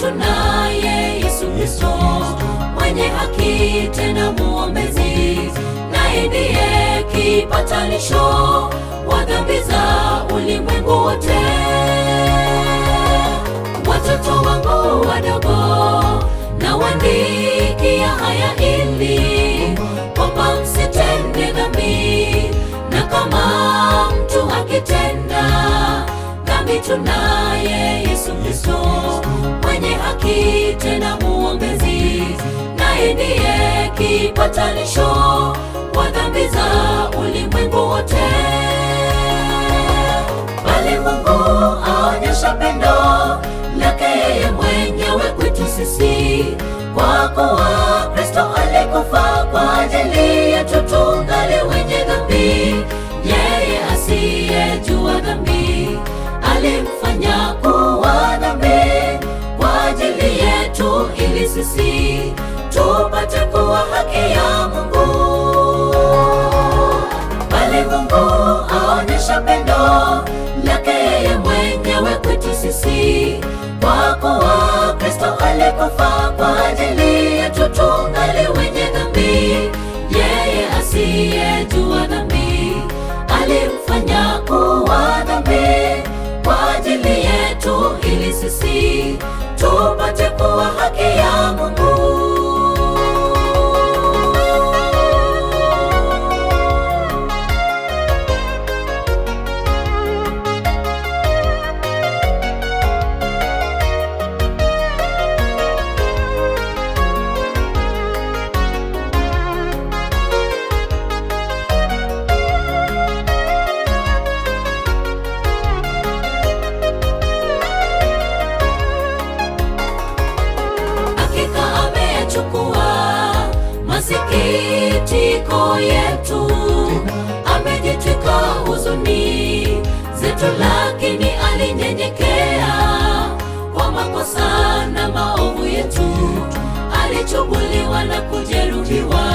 tunaye Yesu Kristo mwenye haki tena mwombezi, naye ndiye kipatanisho wa dhambi za ulimwengu wote. Watoto wangu wadogo, nawaandikia haya ili kwamba msitende dhambi, na kama mtu akitenda dhambi tunaye Yesu Kristo tena muombezi, naye ndiye kipatanisho wa dhambi za ulimwengu wote. Bali Mungu aonyesha pendo lake yeye mwenyewe kwetu sisi, kwa kuwa sisi tupate kuwa haki ya Mungu, bali Mungu aonyesha pendo lake yeye mwenyewe kwetu sisi, kwa kuwa Kristo alikufa kwa ajili yetu tungali wenye dhambi, yeye asiyejua dhambi alimfanya kuwa dhambi kwa ajili yetu ili sisi tupate kuwa haki ya masikitiko yetu, amejitwika huzuni zetu, lakini alinyenyekea kwa makosa na maovu yetu, alichubuliwa na kujeruhiwa,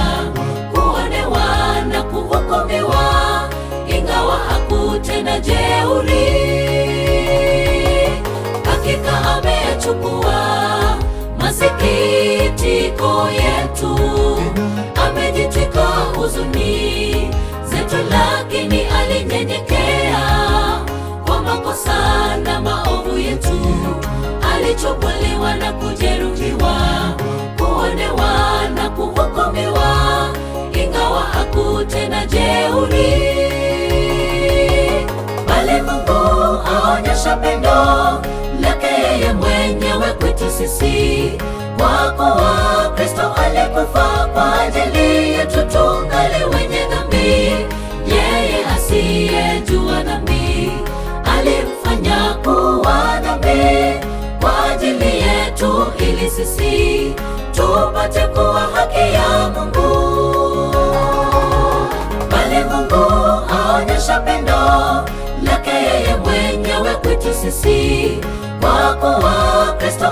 kuonewa na kuhukumiwa, ingawa hakutenda jeuri, hakika amechukua masikitiko yetu huzuni zetu, lakini alinyenyekea kwa makosa na maovu yetu, alichubuliwa na kujeruhiwa, kuonewa na kuhukumiwa, ingawa hakutenda jeuri, bali Mungu aonyesha pendo lake yeye mwenyewe kwetu sisi kwa kuwa asiyejua dhambi alimfanya kuwa dhambi kwa ajili yetu, ili sisi tupate kuwa haki ya Mungu. Bali Mungu aonyesha pendo lake yeye mwenyewe kwetu sisi kwa kuwa Kristo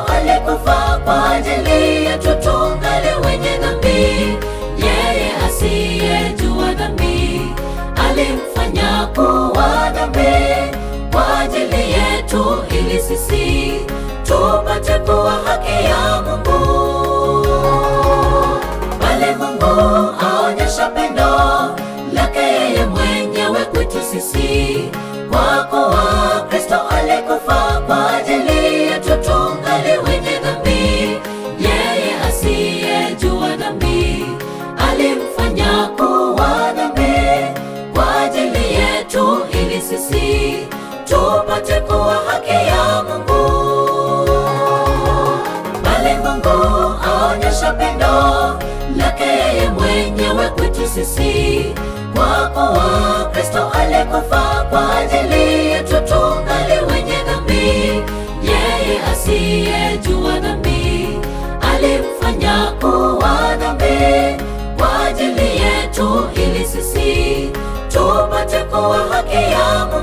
kuwa haki ya Mungu. Bali Mungu aonyesha pendo lake yeye mwenyewe kwetu sisi, kwa kuwa Kristo alikufa kwa ajili yetu tungali wenye dhambi. Yeye asiyejua dhambi alimfanya kuwa dhambi kwa ajili yetu, ili sisi tupate kuwa haki sisi, kwa kuwa Kristo alikufa kwa ajili yetu tungali wenye dhambi. Yeye asiyejua dhambi alimfanya kuwa dhambi kwa ajili yetu, ili sisi tupate kuwa haki ya